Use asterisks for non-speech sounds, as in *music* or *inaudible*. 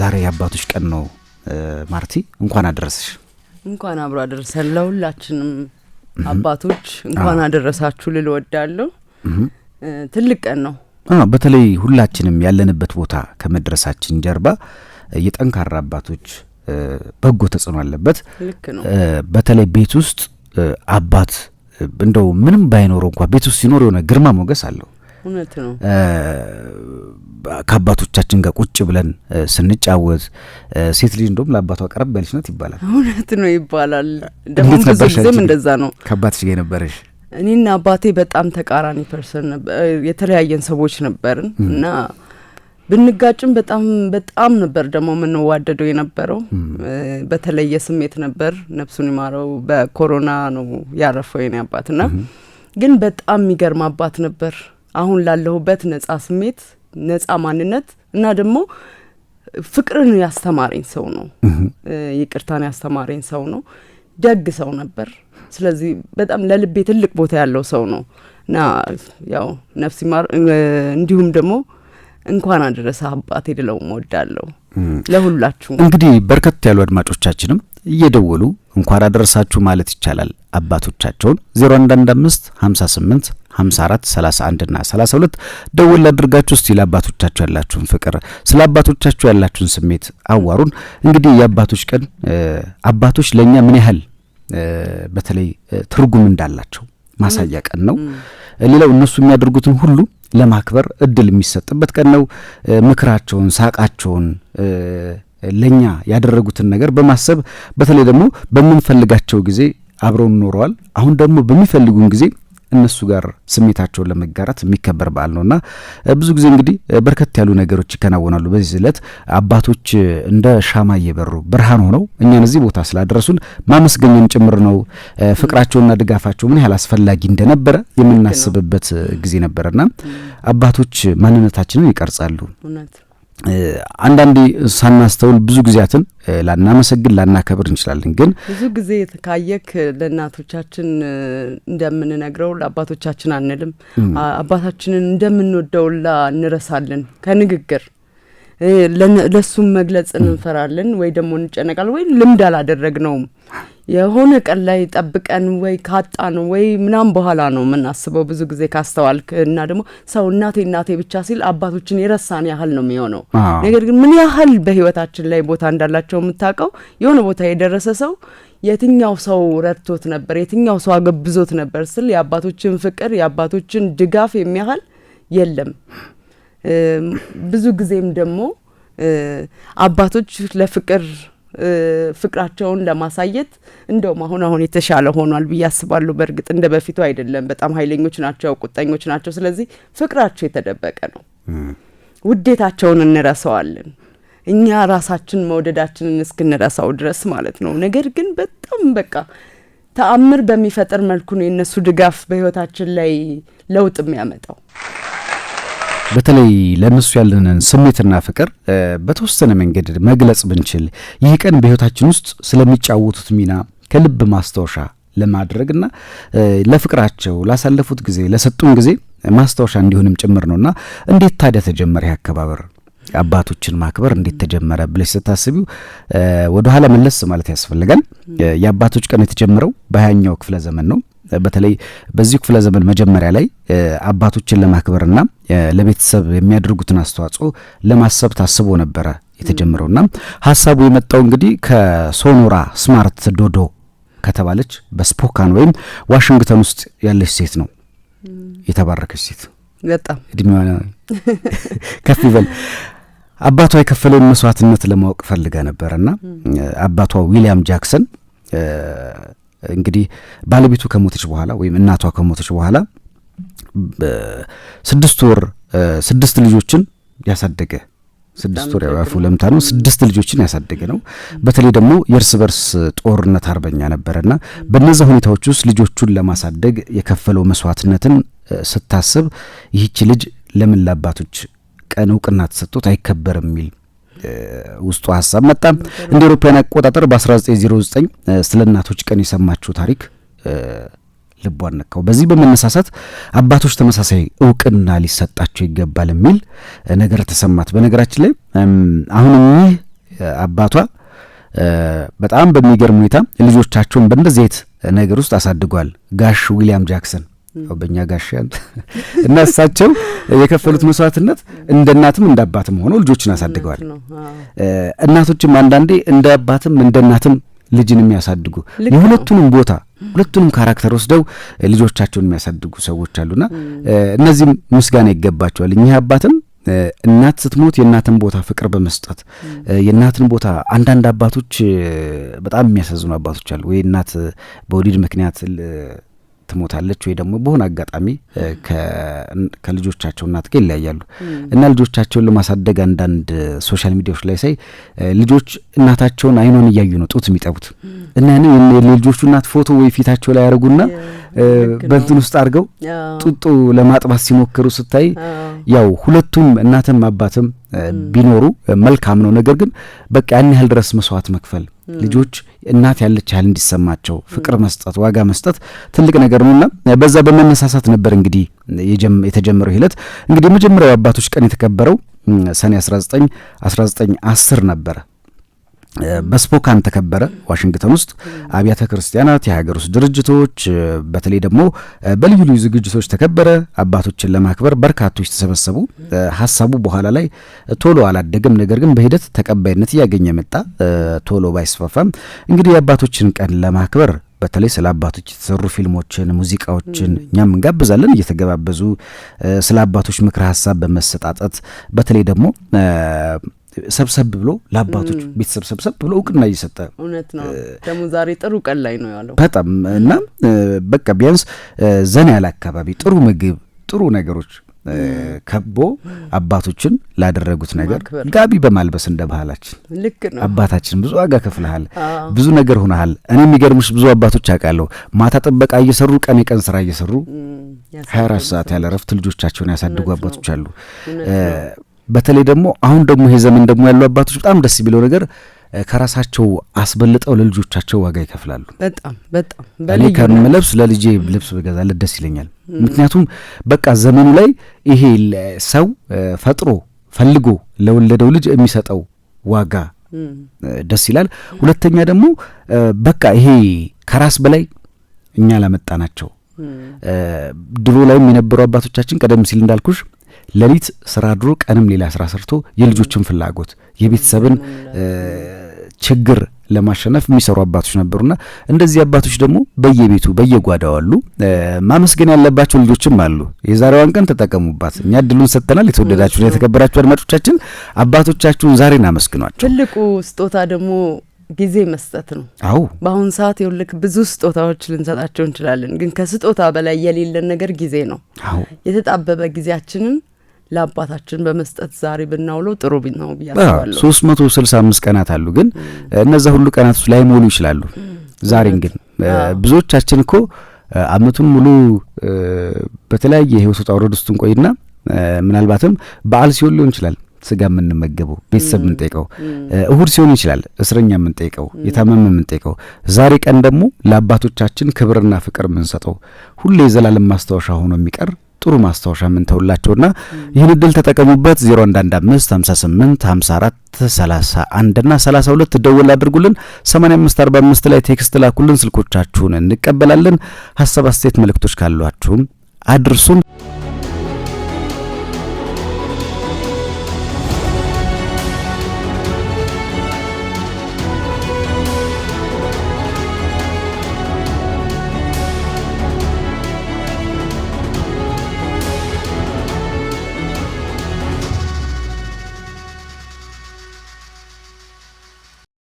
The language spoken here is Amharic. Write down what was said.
ዛሬ የአባቶች ቀን ነው። ማርቲ እንኳን አደረሰሽ። እንኳን አብሮ አደረሰን። ለሁላችንም አባቶች እንኳን አደረሳችሁ ልል ወዳለሁ። ትልቅ ቀን ነው። በተለይ ሁላችንም ያለንበት ቦታ ከመድረሳችን ጀርባ የጠንካራ አባቶች በጎ ተጽዕኖ አለበት። ልክ ነው። በተለይ ቤት ውስጥ አባት እንደው ምንም ባይኖረው እንኳ ቤት ውስጥ ሲኖር የሆነ ግርማ ሞገስ አለው። እውነት ነው። ከአባቶቻችን ጋር ቁጭ ብለን ስንጫወት ሴት ልጅ እንደውም ለአባቷ ቀረብ ያለች ናት ይባላል። እውነት ነው ይባላል። ደግሞ ብዙ ጊዜም እንደዛ ነው። ከአባትሽ ጋር የነበረሽ? እኔና አባቴ በጣም ተቃራኒ ፐርሰን የተለያየን ሰዎች ነበርን እና ብንጋጭም በጣም በጣም ነበር ደግሞ የምንዋደደው የነበረው። በተለየ ስሜት ነበር። ነፍሱን ይማረው። በኮሮና ነው ያረፈው የኔ አባትና ግን በጣም የሚገርም አባት ነበር። አሁን ላለሁበት ነጻ ስሜት፣ ነጻ ማንነት እና ደግሞ ፍቅርን ያስተማረኝ ሰው ነው። ይቅርታን ያስተማረኝ ሰው ነው። ደግ ሰው ነበር። ስለዚህ በጣም ለልቤ ትልቅ ቦታ ያለው ሰው ነው እና ያው ነፍስ ይማር። እንዲሁም ደግሞ እንኳን አደረሰ አባቴ ልለው እወዳለሁ ለሁላችሁ። እንግዲህ በርከት ያሉ አድማጮቻችንም እየደወሉ እንኳን አደረሳችሁ ማለት ይቻላል አባቶቻቸውን 0115 58 54 31 እና 32 ደወል ላድርጋችሁ። እስቲ ለአባቶቻችሁ ያላችሁን ፍቅር ስለ አባቶቻችሁ ያላችሁን ስሜት አዋሩን። እንግዲህ የአባቶች ቀን አባቶች ለእኛ ምን ያህል በተለይ ትርጉም እንዳላቸው ማሳያ ቀን ነው። ሌላው እነሱ የሚያደርጉትን ሁሉ ለማክበር እድል የሚሰጥበት ቀን ነው። ምክራቸውን፣ ሳቃቸውን ለእኛ ያደረጉትን ነገር በማሰብ በተለይ ደግሞ በምንፈልጋቸው ጊዜ አብረውን ኖረዋል። አሁን ደግሞ በሚፈልጉን ጊዜ እነሱ ጋር ስሜታቸውን ለመጋራት የሚከበር በዓል እና ብዙ ጊዜ እንግዲህ በርከት ያሉ ነገሮች ይከናወናሉ። በዚህ ዕለት አባቶች እንደ ሻማ እየበሩ ብርሃን ሆነው እኛን እዚህ ቦታ ስላደረሱን ማመስገኝም ጭምር ነው። ፍቅራቸውና ድጋፋቸው ምን ያህል አስፈላጊ እንደነበረ የምናስብበት ጊዜ ነበረና አባቶች ማንነታችንን ይቀርጻሉ። አንዳንዴ ሳናስተውል ብዙ ጊዜያትን ላናመሰግን ላናከብር እንችላለን። ግን ብዙ ጊዜ ካየክ ለእናቶቻችን እንደምንነግረው ለአባቶቻችን አንልም። አባታችንን እንደምንወደውላ እንረሳለን። ከንግግር ለእሱም መግለጽ እንፈራለን፣ ወይ ደግሞ እንጨነቃል፣ ወይ ልምድ አላደረግነውም። የሆነ ቀን ላይ ጠብቀን ወይ ካጣ ነው ወይ ምናምን በኋላ ነው የምናስበው ብዙ ጊዜ ካስተዋልክ እና ደግሞ ሰው እናቴ እናቴ ብቻ ሲል አባቶችን የረሳን ያህል ነው የሚሆነው። ነገር ግን ምን ያህል በህይወታችን ላይ ቦታ እንዳላቸው የምታውቀው የሆነ ቦታ የደረሰ ሰው የትኛው ሰው ረድቶት ነበር፣ የትኛው ሰው አገብዞት ነበር ስል የአባቶችን ፍቅር የአባቶችን ድጋፍ የሚያህል የለም። ብዙ ጊዜም ደግሞ አባቶች ለፍቅር ፍቅራቸውን ለማሳየት እንደውም አሁን አሁን የተሻለ ሆኗል ብዬ አስባለሁ። በእርግጥ እንደ በፊቱ አይደለም። በጣም ኃይለኞች ናቸው፣ ቁጠኞች ናቸው። ስለዚህ ፍቅራቸው የተደበቀ ነው። ውዴታቸውን እንረሳዋለን እኛ ራሳችን መውደዳችንን እስክንረሳው ድረስ ማለት ነው። ነገር ግን በጣም በቃ ተአምር በሚፈጥር መልኩ ነው የእነሱ ድጋፍ በህይወታችን ላይ ለውጥ የሚያመጣው። በተለይ ለእነሱ ያለንን ስሜትና ፍቅር በተወሰነ መንገድ መግለጽ ብንችል ይህ ቀን በሕይወታችን ውስጥ ስለሚጫወቱት ሚና ከልብ ማስታወሻ ለማድረግና ለፍቅራቸው ላሳለፉት ጊዜ ለሰጡን ጊዜ ማስታወሻ እንዲሆንም ጭምር ነውና እንዴት ታዲያ ተጀመረ አከባበር? አባቶችን ማክበር እንዴት ተጀመረ ብለሽ ስታስቢው ወደኋላ መለስ ማለት ያስፈልጋል። የአባቶች ቀን የተጀመረው በሀያኛው ክፍለ ዘመን ነው። በተለይ በዚህ ክፍለ ዘመን መጀመሪያ ላይ አባቶችን ለማክበርና ለቤተሰብ የሚያደርጉትን አስተዋጽኦ ለማሰብ ታስቦ ነበረ የተጀመረውና ሀሳቡ የመጣው እንግዲህ ከሶኖራ ስማርት ዶዶ ከተባለች በስፖካን ወይም ዋሽንግተን ውስጥ ያለች ሴት ነው። የተባረከች ሴት በጣም እድሜዋ ከፍ ይበል። አባቷ የከፈለውን መስዋዕትነት ለማወቅ ፈልጋ ነበረና አባቷ ዊሊያም ጃክሰን እንግዲህ ባለቤቱ ከሞተች በኋላ ወይም እናቷ ከሞተች በኋላ ስድስት ወር ስድስት ልጆችን ያሳደገ ስድስት ወር ያፉ ለምታ ነው። ስድስት ልጆችን ያሳደገ ነው። በተለይ ደግሞ የእርስ በርስ ጦርነት አርበኛ ነበረና በእነዚ ሁኔታዎች ውስጥ ልጆቹን ለማሳደግ የከፈለው መስዋዕትነትን ስታስብ ይህች ልጅ ለምን ለአባቶች ቀን እውቅና ተሰጥቶት አይከበርም የሚል ውስጡ ሀሳብ መጣ። እንደ አውሮፓውያን አቆጣጠር በ1909 ስለ እናቶች ቀን የሰማችው ታሪክ ልቧን ነካው። በዚህ በመነሳሳት አባቶች ተመሳሳይ እውቅና ሊሰጣቸው ይገባል የሚል ነገር ተሰማት። በነገራችን ላይ አሁን እኚህ አባቷ በጣም በሚገርም ሁኔታ ልጆቻቸውን በእንደዚህ አይነት ነገር ውስጥ አሳድጓል። ጋሽ ዊሊያም ጃክሰን በእኛ ጋሻ *laughs* እና እሳቸው የከፈሉት መስዋዕትነት እንደ እናትም እንደ አባትም ሆነው ልጆችን አሳድገዋል። እናቶችም አንዳንዴ እንደ አባትም እንደ እናትም ልጅን የሚያሳድጉ የሁለቱንም ቦታ ሁለቱንም ካራክተር ወስደው ልጆቻቸውን የሚያሳድጉ ሰዎች አሉና እነዚህም ምስጋና ይገባቸዋል። እኚህ አባትም እናት ስትሞት የእናትን ቦታ ፍቅር በመስጠት የእናትን ቦታ አንዳንድ አባቶች በጣም የሚያሳዝኑ አባቶች አሉ ወይ እናት በወሊድ ምክንያት ትሞታለች ወይ ደግሞ በሆነ አጋጣሚ ከልጆቻቸው እናት ጋር ይለያያሉ እና ልጆቻቸውን ለማሳደግ አንዳንድ ሶሻል ሚዲያዎች ላይ ሳይ ልጆች እናታቸውን አይኗን እያዩ ነው ጡት የሚጠቡት እና ያን የልጆቹ እናት ፎቶ ወይ ፊታቸው ላይ ያደርጉና በእንትን ውስጥ አድርገው ጡጡ ለማጥባት ሲሞክሩ ስታይ ያው ሁለቱም እናትም አባትም ቢኖሩ መልካም ነው። ነገር ግን በቃ ያን ያህል ድረስ መስዋዕት መክፈል ልጆች እናት ያለች ያህል እንዲሰማቸው ፍቅር መስጠት፣ ዋጋ መስጠት ትልቅ ነገር ነውና በዛ በመነሳሳት ነበር እንግዲህ የተጀመረው ሂለት እንግዲህ የመጀመሪያው አባቶች ቀን የተከበረው ሰኔ 19 1910 ነበረ። በስፖካን ተከበረ። ዋሽንግተን ውስጥ አብያተ ክርስቲያናት፣ የሀገር ውስጥ ድርጅቶች በተለይ ደግሞ በልዩ ልዩ ዝግጅቶች ተከበረ። አባቶችን ለማክበር በርካቶች ተሰበሰቡ። ሀሳቡ በኋላ ላይ ቶሎ አላደገም፣ ነገር ግን በሂደት ተቀባይነት እያገኘ መጣ። ቶሎ ባይስፋፋም እንግዲህ የአባቶችን ቀን ለማክበር በተለይ ስለ አባቶች የተሰሩ ፊልሞችን፣ ሙዚቃዎችን እኛም እንጋብዛለን። እየተገባበዙ ስለ አባቶች ምክረ ሀሳብ በመሰጣጠት በተለይ ደግሞ ሰብሰብ ብሎ ለአባቶች ቤተሰብ ሰብሰብ ብሎ እውቅና እየሰጠ እውነት ነው። ደግሞ ዛሬ ጥሩ ቀን ላይ ነው ያለው በጣም እና በቃ ቢያንስ ዘና ያለ አካባቢ፣ ጥሩ ምግብ፣ ጥሩ ነገሮች ከቦ አባቶችን ላደረጉት ነገር ጋቢ በማልበስ እንደ ባህላችን ልክ ነው። አባታችን ብዙ ዋጋ ከፍልሃል፣ ብዙ ነገር ሆነሃል። እኔ የሚገርምሽ ብዙ አባቶች አውቃለሁ ማታ ጥበቃ እየሰሩ ቀን የቀን ስራ እየሰሩ ሀያ አራት ሰዓት ያለ እረፍት ልጆቻቸውን ያሳድጉ አባቶች አሉ። በተለይ ደግሞ አሁን ደግሞ ይሄ ዘመን ደግሞ ያሉ አባቶች በጣም ደስ የሚለው ነገር ከራሳቸው አስበልጠው ለልጆቻቸው ዋጋ ይከፍላሉ። በጣም በጣም እኔ ከምለብስ ለልጄ ልብስ በገዛለት ደስ ይለኛል። ምክንያቱም በቃ ዘመኑ ላይ ይሄ ሰው ፈጥሮ ፈልጎ ለወለደው ልጅ የሚሰጠው ዋጋ ደስ ይላል። ሁለተኛ ደግሞ በቃ ይሄ ከራስ በላይ እኛ ላመጣናቸው ድሮ ላይም የነበሩ አባቶቻችን ቀደም ሲል እንዳልኩሽ ሌሊት ስራ አድሮ ቀንም ሌላ ስራ ሰርቶ የልጆችን ፍላጎት የቤተሰብን ችግር ለማሸነፍ የሚሰሩ አባቶች ነበሩና እንደዚህ አባቶች ደግሞ በየቤቱ በየጓዳው አሉ። ማመስገን ያለባቸው ልጆችም አሉ። የዛሬዋን ቀን ተጠቀሙባት። እኛ እድሉን ሰጥተናል። የተወደዳችሁ የተከበራችሁ አድማጮቻችን አባቶቻችሁን ዛሬን አመስግኗቸው። ትልቁ ስጦታ ደግሞ ጊዜ መስጠት ነው። አዎ በአሁን ሰዓት ይኸውልህ ብዙ ስጦታዎች ልንሰጣቸው እንችላለን፣ ግን ከስጦታ በላይ የሌለን ነገር ጊዜ ነው። አዎ የተጣበበ ጊዜያችንን ለአባታችን በመስጠት ዛሬ ብናውለው ጥሩ ነው ብዬ አስባለሁ። ሶስት መቶ ስልሳ አምስት ቀናት አሉ፣ ግን እነዛ ሁሉ ቀናት ላይሞሉ ይችላሉ። ዛሬን ግን ብዙዎቻችን እኮ አመቱን ሙሉ በተለያየ ህይወት ውጣ ውረድ ውስጥ እንቆይና ምናልባትም በዓል ሲሆን ሊሆን ይችላል ስጋ የምንመገበው ቤተሰብ የምንጠይቀው፣ እሁድ ሲሆን ይችላል እስረኛ የምንጠይቀው፣ የታመመ የምንጠይቀው። ዛሬ ቀን ደግሞ ለአባቶቻችን ክብርና ፍቅር የምንሰጠው ሁሌ የዘላለም ማስታወሻ ሆኖ የሚቀር ጥሩ ማስታወሻ የምንተውላቸውና ይህን እድል ተጠቀሙበት። 0115 58 54 31 እና 32 ደውል አድርጉልን። 8545 ላይ ቴክስት ላኩልን። ስልኮቻችሁን እንቀበላለን። ሀሳብ አስተያየት መልእክቶች ካሏችሁም አድርሱን።